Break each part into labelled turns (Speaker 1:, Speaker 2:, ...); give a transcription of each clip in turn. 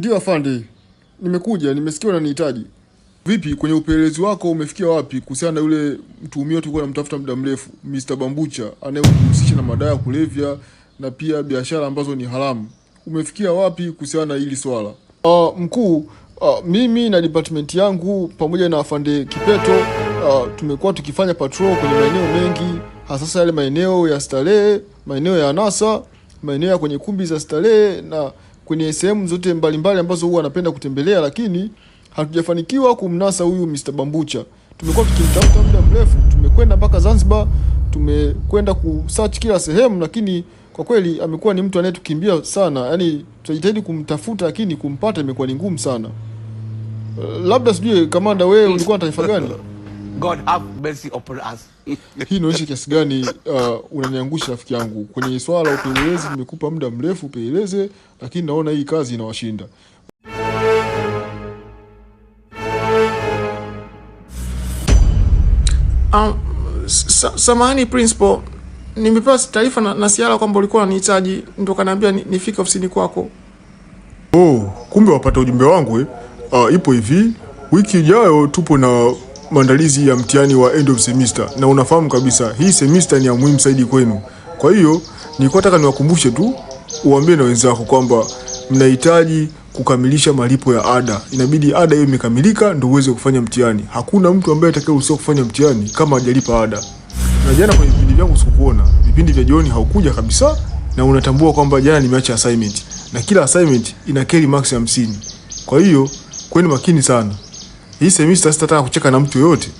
Speaker 1: Ndiyo afande, nimekuja, nimesikia unanihitaji. Vipi, kwenye upelelezi wako umefikia wapi kuhusiana na yule mtuhumiwa tulikuwa namtafuta muda mrefu, Mr. Bambucha anayehusisha na madawa ya kulevya na pia biashara ambazo ni haramu? Umefikia wapi kuhusiana na hili swala?
Speaker 2: Uh, mkuu, uh, mimi na department yangu pamoja na afande Kipeto uh, tumekuwa tukifanya patrol kwenye maeneo mengi, hasa yale maeneo ya starehe, maeneo ya anasa, maeneo ya kwenye kumbi za starehe na kwenye sehemu zote mbalimbali ambazo huwa anapenda kutembelea, lakini hatujafanikiwa kumnasa huyu Mr. Bambucha. Tumekuwa tukimtafuta muda mrefu, tumekwenda mpaka Zanzibar, tumekwenda kusearch kila sehemu, lakini kwa kweli amekuwa ni mtu anayetukimbia sana. Yaani tunajitahidi kumtafuta, lakini kumpata imekuwa ni ngumu sana. Eh, labda sijui kamanda, wewe ulikuwa na taarifa gani?
Speaker 3: God have mercy upon us.
Speaker 2: Hii inaonyesha kiasi gani uh, unaniangusha rafiki yangu kwenye swala la upelelezi. Nimekupa muda mrefu upeleleze, lakini naona hii kazi inawashinda.
Speaker 4: Um, samahani principal, nimepewa taarifa na, na Siala kwamba ulikuwa unanihitaji, ndo kaniambia nifike ofisini kwako.
Speaker 1: Oh, kumbe wapata ujumbe wangu eh? Uh, ipo hivi, wiki ijayo tupo na maandalizi ya mtihani wa end of semester, na unafahamu kabisa hii semester ni ya muhimu zaidi kwenu. Kwa hiyo nilikuwa nataka niwakumbushe tu, uambie na wenzako kwamba mnahitaji kukamilisha malipo ya ada. Inabidi ada hiyo imekamilika ndio uweze kufanya mtihani. Hakuna mtu ambaye atakayeruhusiwa kufanya mtihani kama hajalipa ada. Na jana kwenye vipindi vyangu sikukuona, vipindi vya jioni haukuja kabisa, na unatambua kwamba jana nimeacha assignment na kila assignment ina carry max 50. Kwa hiyo kweni makini sana. Hii semester sitataka kucheka na mtu yoyote,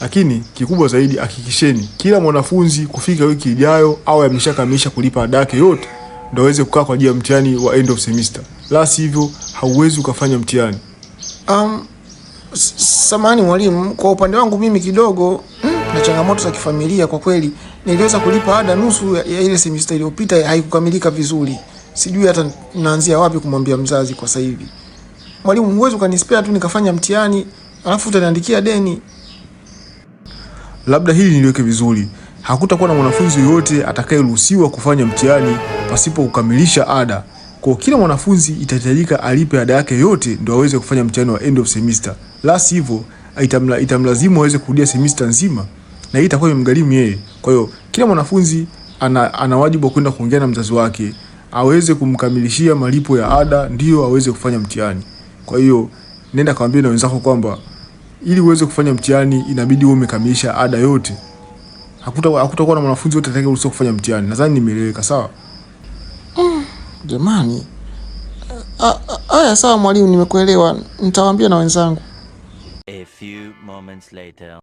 Speaker 1: lakini kikubwa zaidi, hakikisheni kila mwanafunzi kufika wiki ijayo au ameshakamilisha kulipa ada yake yote, ndio aweze kukaa kwa ajili ya mtihani wa end of semester, la sivyo hauwezi ukafanya mtihani.
Speaker 4: Um, samani mwalimu, kwa upande wangu mimi kidogo hmm, na changamoto za kifamilia kwa kweli, niliweza kulipa ada nusu ya ile semester iliyopita, haikukamilika vizuri. Sijui hata naanzia wapi kumwambia mzazi kwa sasa hivi mwalimu, huwezi ukanispea tu nikafanya mtihani alafu utaniandikia deni.
Speaker 1: Labda hili niliweke vizuri, hakutakuwa na mwanafunzi yoyote atakayeruhusiwa kufanya mtihani pasipo kukamilisha ada. Kwa kila mwanafunzi itahitajika alipe ada yake yote ndio aweze kufanya mtihani wa end of semester. La sivyo itamla, itamlazimu aweze kurudia semester nzima na hii itakuwa imemgharimu yeye. Kwa hiyo kila mwanafunzi ana, ana wajibu wa kwenda kuongea na mzazi wake aweze kumkamilishia malipo ya ada ndiyo aweze kufanya mtihani. Kwa hiyo nenda kawambia na wenzako kwamba ili uweze kufanya mtihani inabidi wewe umekamilisha ada yote. Hakutakuwa hakutakuwa na mwanafunzi yote atakayeweza kufanya mtihani. Nadhani nimeeleweka sawa?
Speaker 4: Mm, jamani. Ah, ah, Aya, sawa mwalimu, nimekuelewa. Nitawaambia na wenzangu. A few moments later.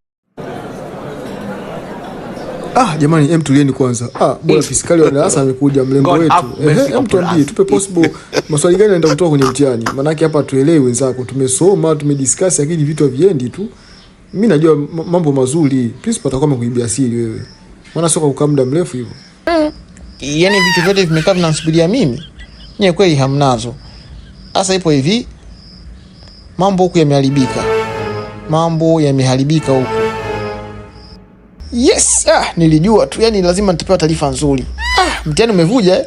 Speaker 1: Ah, jamani hem tulieni kwanza. Ah, bwana fiskali wa darasa amekuja mlembo wetu. Eh, hem tuambie tupe possible maswali gani anaenda kutoa kwenye mtihani. Maana hapa tuelewe wenzako. Tumesoma, tumediscuss lakini vitu haviendi tu. Mimi najua mambo mazuri. Principal atakuwa amekuibia siri wewe. Maana sio kwa muda mrefu hivyo. Mm.
Speaker 4: Yaani vitu vyote vimekaa vinanisubiria mimi. Nye kweli hamnazo. Sasa ipo hivi. Mambo huku yameharibika. Mambo yameharibika huku. Yes, ah, nilijua tu, yani lazima nitapewa taarifa nzuri. Ah, mtihani umevuja eh?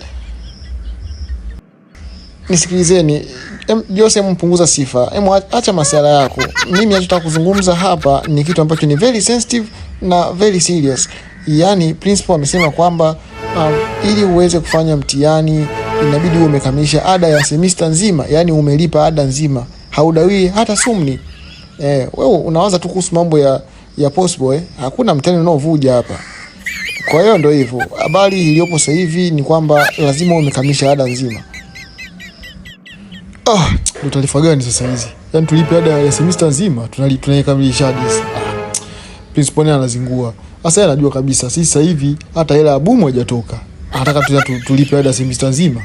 Speaker 4: Nisikilizeni Jose, mpunguza sifa, em, acha masuala yako. Mimi nataka kuzungumza hapa ni kitu ambacho ni very sensitive na very serious. Yaani principal amesema kwamba um, ili uweze kufanya mtihani inabidi uwe umekamilisha ada ya semester nzima, yaani umelipa ada nzima, haudawii hata sumni. Eh, wewe unawaza tu kuhusu mambo ya ya possible eh? hakuna mtani unaovuja hapa. Kwa hiyo ndio hivyo, habari iliyopo sasa hivi ni kwamba lazima umekamilisha ada nzima.
Speaker 1: Ah, ndo taarifa gani sasa hizi? Yaani tulipe ada ya semester nzima, tunaikamilisha hadi sasa. Ah, principal anazingua. Sasa yeye anajua kabisa sisi sasa hivi hata hela ya bumu haijatoka. Anataka tulipe ada semester nzima.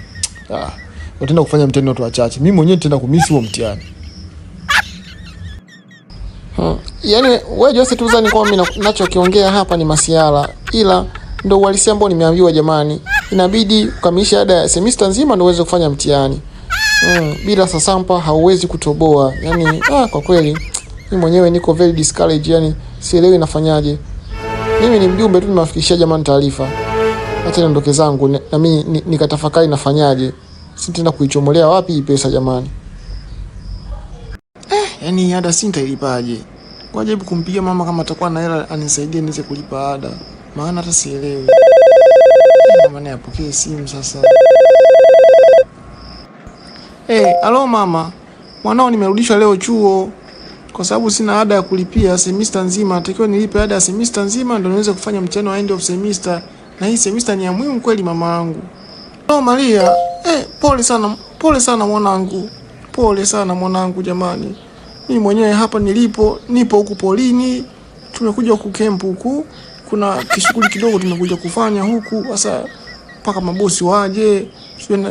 Speaker 1: Ah, utaenda kufanya mtihani watu wachache. Mimi mwenyewe nitaenda kumisi huo mtihani.
Speaker 4: Mm. Yaani wewe Jose Tuzani kwa mimi ninachokiongea hapa ni masiala ila ndo uhalisia ambao nimeambiwa jamani. Inabidi ukamilishe ada ya semester nzima ndio uweze kufanya mtihani. Mm, bila sasampa hauwezi kutoboa. Yaani ah, kwa kweli mimi mwenyewe niko very discouraged, yani sielewi nafanyaje. Mimi ni mjumbe tu nimewafikishia jamani taarifa. Acha niondoke zangu na mimi nikatafakari nafanyaje. Sitenda kuichomolea wapi pesa jamani. Yaani ada si nitailipaje? Kwa ajabu kumpigia mama kama atakuwa na hela anisaidie niweze kulipa ada. Maana hata sielewi. Mama apokee simu sasa. Eh, hey, alo mama. Mwanao nimerudishwa leo chuo kwa sababu sina ada ya kulipia semester nzima. Natakiwa nilipe ada ya semester nzima ndio niweze kufanya mtihani wa end of semester. Na hii semester ni ya muhimu kweli mama yangu. Oh, Maria, eh, pole sana. Pole sana mwanangu. Pole sana mwanangu jamani. Mimi mwenyewe hapa nilipo, nipo huku polini, tumekuja huku kempu huku, kuna kishughuli kidogo tumekuja kufanya huku sasa, mpaka mabosi waje,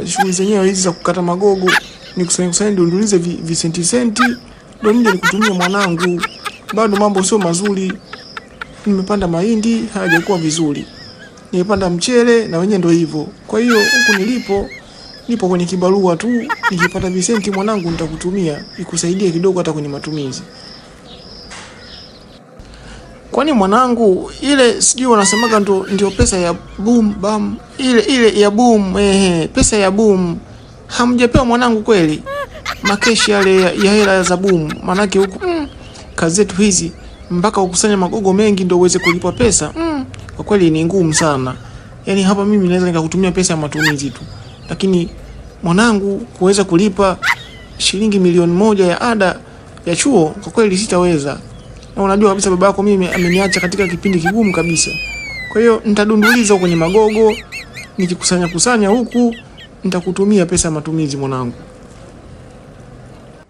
Speaker 4: shughuli zenyewe hizi za kukata magogo, nikusanye kusanye, ndio visenti senti, ndio nije nikutumia mwanangu. Bado mambo sio mazuri, nimepanda mahindi hayajakuwa vizuri, nimepanda mchele na wenyewe ndio hivyo. Kwa hiyo huku nilipo nipo kwenye kibarua tu, nikipata visenti mwanangu, nitakutumia ikusaidie kidogo, hata kwenye matumizi. Kwani mwanangu, ile sijui wanasemaga ndio ndio pesa ya boom bam, ile ile ya boom, ehe, pesa ya boom hamjapewa mwanangu kweli? Makeshi yale ya hela za boom, manake huku mm, kazi zetu hizi mpaka ukusanya magogo mengi ndio uweze kulipa pesa mm, kwa kweli ni ngumu sana. Yaani hapa mimi naweza nikakutumia pesa ya matumizi tu lakini mwanangu kuweza kulipa shilingi milioni moja ya ada ya chuo kwa kweli sitaweza, na unajua kabisa baba yako mimi ameniacha katika kipindi kigumu kabisa. Kwa hiyo nitadunduliza kwenye magogo, nikikusanya kusanya huku nitakutumia pesa ya matumizi mwanangu.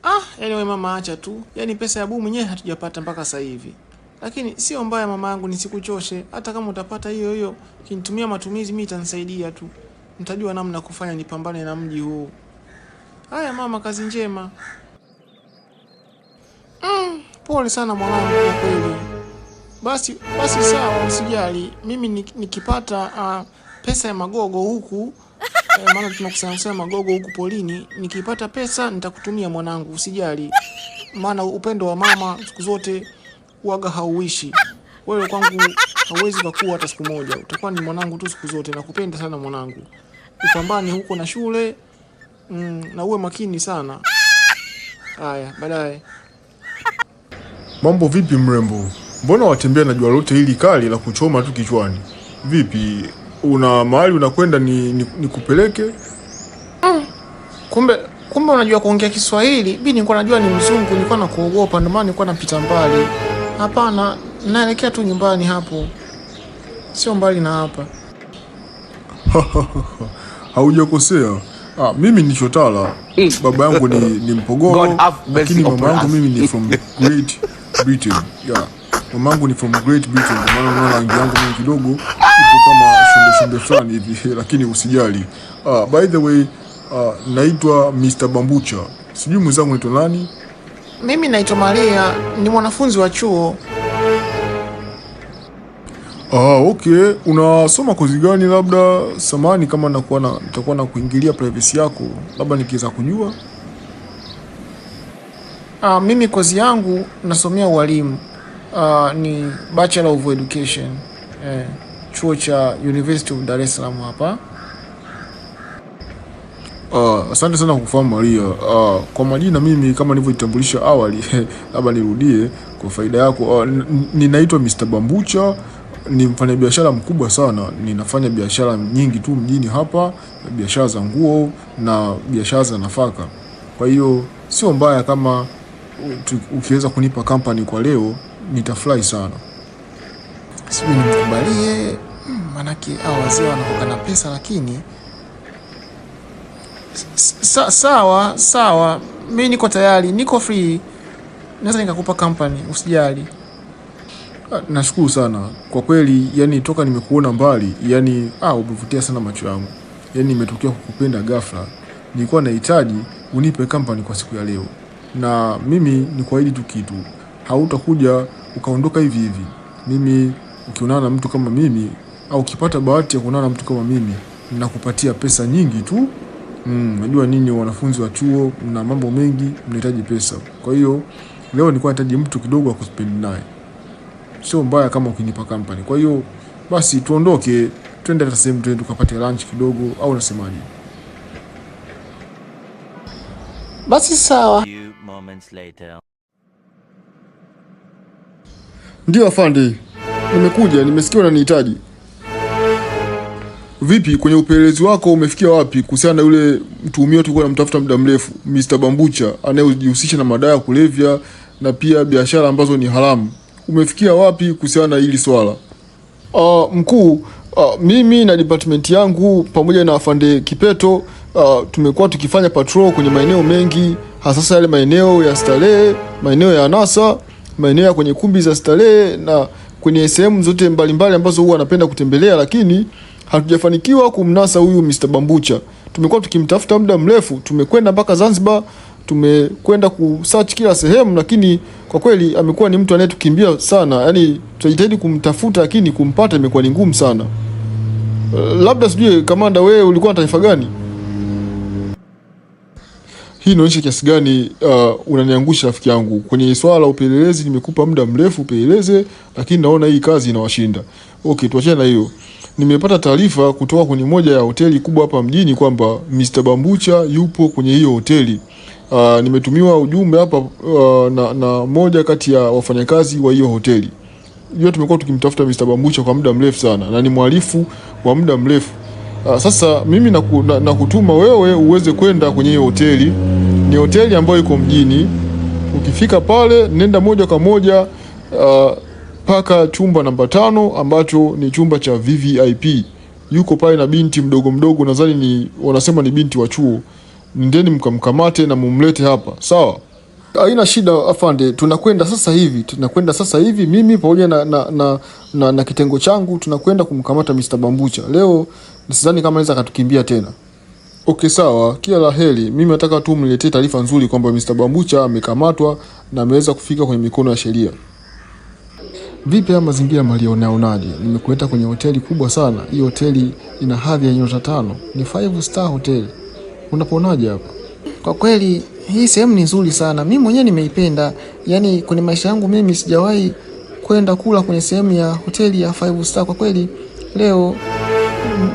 Speaker 4: Ah, anyway mama, acha tu, yaani pesa ya bumu mwenyewe hatujapata mpaka sasa hivi, lakini sio mbaya mama yangu, nisikuchoshe. Hata kama utapata hiyo hiyo kinitumia matumizi, mimi itanisaidia tu mtajua namna kufanya nipambane na mji huu. Haya mama, kazi njema. Mm, pole sana mwanangu kwa kweli. Basi basi, sawa, usijali. Mimi nikipata uh, pesa ya magogo huku eh, maana tunakusanya sana magogo huku polini, nikipata pesa nitakutumia mwanangu, usijali, maana upendo wa mama siku zote uaga hauishi. Wewe kwangu hauwezi kuwa hata siku moja, utakuwa ni mwanangu tu siku zote. Nakupenda sana mwanangu upambane huko na shule mm, na uwe makini sana. Haya, baadaye.
Speaker 1: Mambo vipi mrembo, mbona watembea na jua lote hili kali la kuchoma tu kichwani? Vipi, una mahali unakwenda nikupeleke? Ni, ni
Speaker 4: mm. Kumbe kumbe unajua kuongea Kiswahili? Mimi nilikuwa najua ni mzungu, nilikuwa nakuogopa, ndio maana nilikuwa napita mbali. Hapana, naelekea tu nyumbani hapo, sio mbali na hapa
Speaker 1: haujakosea. Ah, mimi ni mm. baba yangu ni, ni Mpogoro, lakini mama yangu mimi ni from Great Britain. Yeah. Mama yangu ni from Great Britain, kwa maana unaona rangi yangu mimi kidogo ipo kama shombe shombe fulani hivi, lakini usijali. Ah, by the way, uh, naitwa Mr. Bambucha. Sijui mwenzangu naitwa nani?
Speaker 4: Mimi naitwa Maria, ni mwanafunzi wa chuo
Speaker 1: Ah, okay, unasoma kozi gani? Labda samani kama nakuwa na nitakuwa na kuingilia privacy yako, labda nikiweza kujua.
Speaker 4: Ah, mimi kozi yangu nasomea ualimu. Ah, ni Bachelor of Education eh, chuo cha University of Dar es Salaam hapa.
Speaker 1: Uh, asante sana kwa kufahamu Maria. Uh, kwa majina mimi kama nilivyojitambulisha awali labda nirudie kwa faida yako. Uh, ninaitwa Mr. Bambucha ni mfanyabiashara mkubwa sana, ninafanya biashara nyingi tu mjini hapa, biashara za nguo na biashara za nafaka. Kwa hiyo sio mbaya kama ukiweza kunipa kampani kwa leo, nitafurahi sana.
Speaker 4: Sijui nimkubalie, hmm, manake au wazee wanaokana na pesa, lakini sa, sawa sawa, mi niko tayari, niko free, naweza nikakupa kampani, usijali.
Speaker 1: Ah, nashukuru sana kwa kweli, yani toka nimekuona mbali, yani ah, umevutia sana macho yangu, yani nimetokea kukupenda ghafla. Nilikuwa nahitaji unipe company kwa siku ya leo, na mimi ni kuahidi tu kitu, hautakuja ukaondoka hivi hivi. Mimi ukionana na mtu kama mimi au ukipata bahati ya kuonana na mtu kama mimi, nakupatia pesa nyingi tu. Mm, najua mm, ninyi wanafunzi wa chuo mna mambo mengi, mnahitaji pesa. Kwa hiyo leo nilikuwa nahitaji mtu kidogo wa kuspend naye sio mbaya kama ukinipa company. Kwa hiyo basi tuondoke twende hata sehemu twende tukapate lunch kidogo, au unasemaje?
Speaker 4: Basi sawa.
Speaker 1: Ndio afande, nimekuja, nimesikia unanihitaji. Vipi, kwenye upelelezi wako umefikia wapi kuhusiana na yule mtuhumiwa tulikuwa namtafuta muda mrefu, Mr. Bambucha anayejihusisha na madawa ya kulevya na pia biashara ambazo ni haramu? umefikia wapi kuhusiana na hili swala?
Speaker 2: Uh, mkuu, uh, mimi na department yangu pamoja na afande Kipeto uh, tumekuwa tukifanya patrol kwenye maeneo mengi, hasa yale maeneo ya starehe, maeneo ya anasa, maeneo ya kwenye kumbi za starehe na kwenye sehemu zote mbalimbali mbali ambazo huwa anapenda kutembelea, lakini hatujafanikiwa kumnasa huyu Mr. Bambucha. Tumekuwa tukimtafuta muda mrefu, tumekwenda mpaka Zanzibar, tumekwenda kusearch kila sehemu, lakini kwa kweli amekuwa ni mtu anayetukimbia sana. Yani tunajitahidi kumtafuta, lakini kumpata imekuwa ni ngumu sana. Eh, labda sijui kamanda, wewe ulikuwa na taarifa gani?
Speaker 1: Hii inaonyesha kiasi gani uh, unaniangusha rafiki yangu kwenye swala la upelelezi. Nimekupa muda mrefu upeleleze, lakini naona hii kazi inawashinda. Okay, tuachane na hiyo. Nimepata taarifa kutoka kwenye moja ya hoteli kubwa hapa mjini kwamba Mr. Bambucha yupo kwenye hiyo hoteli uh, nimetumiwa ujumbe hapa uh, na, na moja kati ya wafanyakazi wa hiyo hoteli hiyo. Tumekuwa tukimtafuta Mr. Bambucha kwa muda mrefu sana na ni mwalifu wa muda mrefu uh, sasa mimi nakutuma na, na wewe uweze kwenda kwenye hiyo hoteli. Ni hoteli ambayo iko mjini. Ukifika pale nenda moja kwa moja uh, paka chumba namba tano ambacho ni chumba cha VVIP. Yuko pale na binti mdogo mdogo, nadhani ni wanasema ni binti wa chuo nendeni mkamkamate na mumlete hapa, sawa? Haina shida afande, tunakwenda sasa hivi, tunakwenda sasa hivi, mimi pamoja na, na, na, na, na kitengo changu tunakwenda kumkamata Mr. Bambucha leo. Sidhani kama anaweza akatukimbia tena. Okay, sawa, kila la heri. Mimi nataka tu mletee taarifa nzuri kwamba Mr. Bambucha amekamatwa na ameweza kufika kwenye mikono ya sheria. Vipi haya mazingira mlionaonaje? Nimekuleta kwenye hoteli kubwa sana. Hii hoteli ina hadhi ya nyota tano, ni five star hoteli. Unaponaje hapa?
Speaker 4: Kwa kweli hii sehemu ni nzuri sana, mimi mwenyewe nimeipenda. Yaani kwenye maisha yangu mimi sijawahi kwenda kula kwenye sehemu ya hoteli ya five star. Kwa kweli leo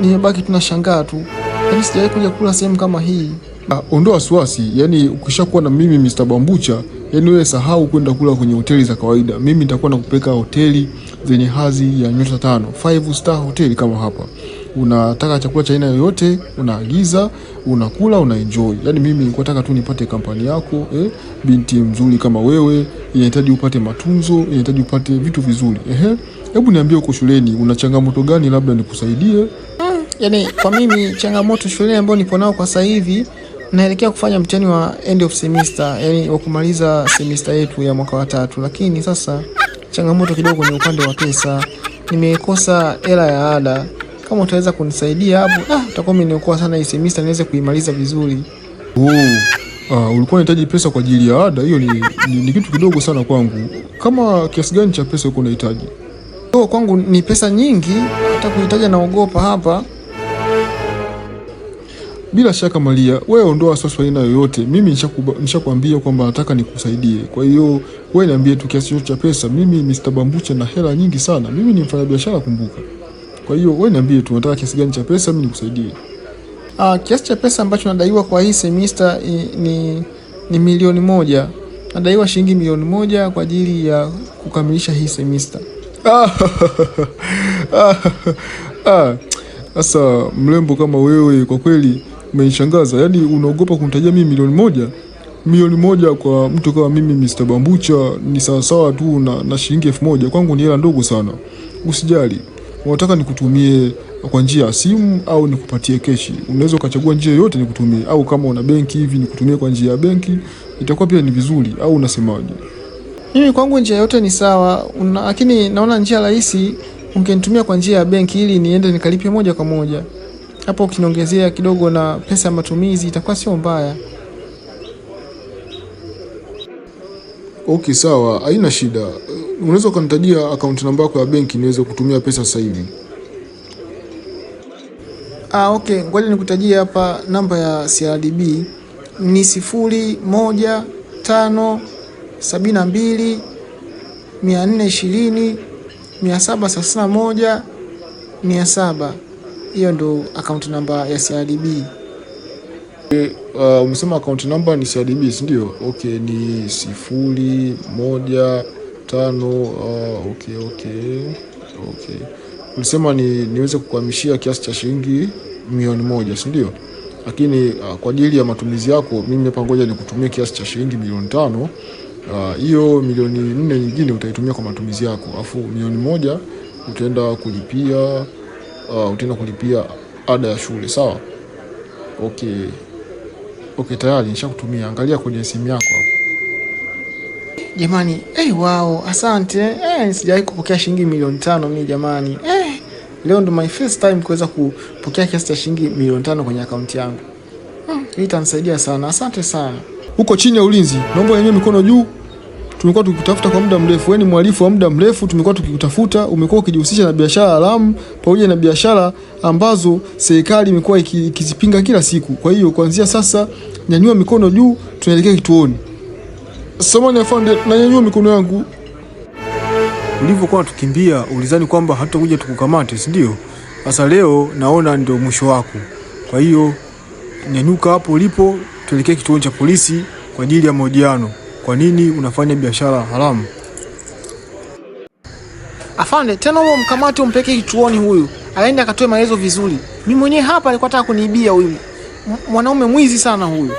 Speaker 4: nimebaki tunashangaa tu, yaani sijawahi kuja kula sehemu kama hii.
Speaker 1: Ah, ondoa wasiwasi, yaani ukishakuwa na mimi Mr. Bambucha, yaani wewe sahau kwenda kula kwenye hoteli za kawaida. Mimi nitakuwa nakupeka hoteli zenye hadhi ya nyota tano, five star hoteli kama hapa. Unataka chakula cha aina yoyote unaagiza, unakula unaenjoi Yani mimi nilikuwa nataka tu nipate kampani yako eh, binti mzuri kama wewe, inahitaji upate matunzo, inahitaji upate vitu vizuri. Ehe, hebu niambie, uko shuleni una changamoto gani? Labda nikusaidie.
Speaker 4: Mm, yani kwa mimi changamoto shuleni ambayo nipo nao kwa sasa hivi naelekea kufanya mtihani wa end of semester, yani wa kumaliza semester yetu ya mwaka wa tatu, lakini sasa changamoto kidogo ni upande wa pesa. Nimekosa hela ya ada kama utaweza kunisaidia hapo, ah, utakuwa umeniokoa sana hii semester niweze kuimaliza vizuri.
Speaker 1: Oh, ah, ulikuwa unahitaji pesa kwa ajili ya ada? Hiyo ni, ni, ni kitu kidogo sana kwangu. Kama kiasi gani cha pesa uko unahitaji?
Speaker 4: Oh, kwangu ni pesa nyingi, hata kuhitaji naogopa hapa.
Speaker 1: Bila shaka Maria, wewe ondoa wasiwasi aina yoyote. Mimi nishakwambia kwamba nataka nikusaidie, kwa hiyo wewe niambie tu kiasi cha pesa. Mimi Mr. Bambuche na hela nyingi sana, mimi ni mfanyabiashara, kumbuka. Kwa hiyo wewe niambie tu unataka kiasi gani cha pesa mimi nikusaidie.
Speaker 4: Ah, kiasi cha pesa ambacho nadaiwa kwa hii semester ni, ni milioni moja. Nadaiwa shilingi milioni moja kwa ajili ya kukamilisha hii semester.
Speaker 1: Ah, sasa mrembo kama wewe kwa kweli umenishangaza. Yaani unaogopa kunitajia mimi milioni moja? Milioni moja kwa mtu kama mimi Mr. Bambucha ni sawasawa tu na, na shilingi elfu moja. Kwangu ni hela ndogo sana. Usijali unataka nikutumie kwa njia ya simu au nikupatie keshi, unaweza ukachagua njia yoyote nikutumie, au kama una benki hivi nikutumie kwa njia ya benki, itakuwa pia ni vizuri, au unasemaje?
Speaker 4: Mimi kwangu njia yote ni sawa, lakini naona njia rahisi ungenitumia kwa njia ya benki ili niende nikalipe moja kwa moja. Hapo ukiniongezea kidogo na pesa ya matumizi itakuwa sio mbaya.
Speaker 1: Okay, sawa, haina shida unaweza ukanitajia akaunti namba yako ya benki niweze kutumia pesa sasa hivi?
Speaker 4: Ah, okay, ngoja nikutajie hapa namba ya CRDB ni sifuri moja tano sabini na mbili mia nne ishirini mia saba thelathini na moja mia saba. Hiyo ndo akaunti namba ya CRDB.
Speaker 1: Eh, ah, umesema akaunti namba ni CRDB, si ndio? Okay, ni sifuri moja tano. Ah, okay, okay, okay. Ulisema ni niweze kukuhamishia kiasi cha shilingi milioni moja si ndio? Lakini ah, kwa ajili ya matumizi yako mimi hapa ngoja nikutumie kiasi cha shilingi milioni tano. Ah, hiyo ah, milioni nne nyingine utaitumia kwa matumizi yako, afu milioni moja utaenda kulipia ah, utaenda kulipia ada ya shule, sawa? Okay. Okay, tayari nishakutumia. Angalia kwenye simu yako hapo
Speaker 4: jamani hey, eh, wao asante hey, eh, sijawahi kupokea shilingi milioni tano mimi jamani hey, eh, leo ndo my first time kuweza kupokea kiasi cha shilingi milioni tano kwenye akaunti yangu. Hmm, hii itanisaidia sana, asante sana.
Speaker 1: Huko chini ya ulinzi, naomba wenyewe mikono juu. Tumekuwa tukikutafuta kwa muda mrefu, wewe ni mwalifu wa muda mrefu, tumekuwa tukikutafuta. Umekuwa ukijihusisha na biashara haramu pamoja na biashara ambazo serikali imekuwa ikizipinga kila siku. Kwa hiyo kuanzia sasa, nyanyua mikono juu, tunaelekea kituoni. Samani afande, nanyanyua mikono yangu. Ulivyokuwa natukimbia ulizani kwamba hatutakuja tukukamate, si ndio? Sasa leo naona ndio mwisho wako. Kwa hiyo nyanyuka hapo ulipo, tuelekee kituo cha polisi kwa ajili ya mahojiano. Kwa nini unafanya biashara haramu?
Speaker 4: Afande, tena huo mkamate, umpeke kituoni huyu, aende akatoe maelezo vizuri. Mimi mwenyewe hapa alikuwa anataka kuniibia huyu mwanaume, mwizi sana huyu.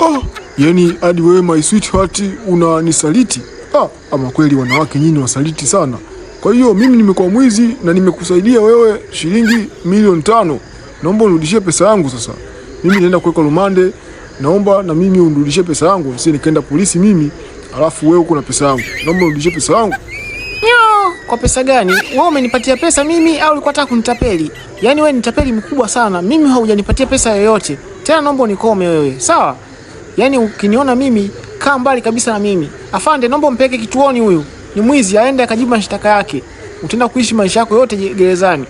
Speaker 1: Oh. Yaani hadi wewe my sweetheart unanisaliti? Ah, ama kweli wanawake nyinyi wasaliti sana. Kwa hiyo mimi nimekuwa mwizi na nimekusaidia wewe shilingi milioni tano. Naomba unirudishie pesa yangu sasa. Mimi naenda kuweka rumande. Naomba na mimi unirudishie pesa yangu, sisi nikaenda polisi mimi, alafu wewe uko na pesa yangu. Naomba unirudishie pesa yangu.
Speaker 4: kwa pesa gani? Wewe umenipatia pesa mimi au ulikuwa unataka kunitapeli? Yaani wewe ni tapeli mkubwa sana. Mimi haujanipatia pesa yoyote. Tena naomba unikome wewe. Sawa? Yaani ukiniona mimi kaa mbali kabisa na mimi. Afande, naomba mpeke kituoni, huyu ni mwizi, aende akajibu mashtaka yake. Utaenda kuishi maisha yako yote gerezani.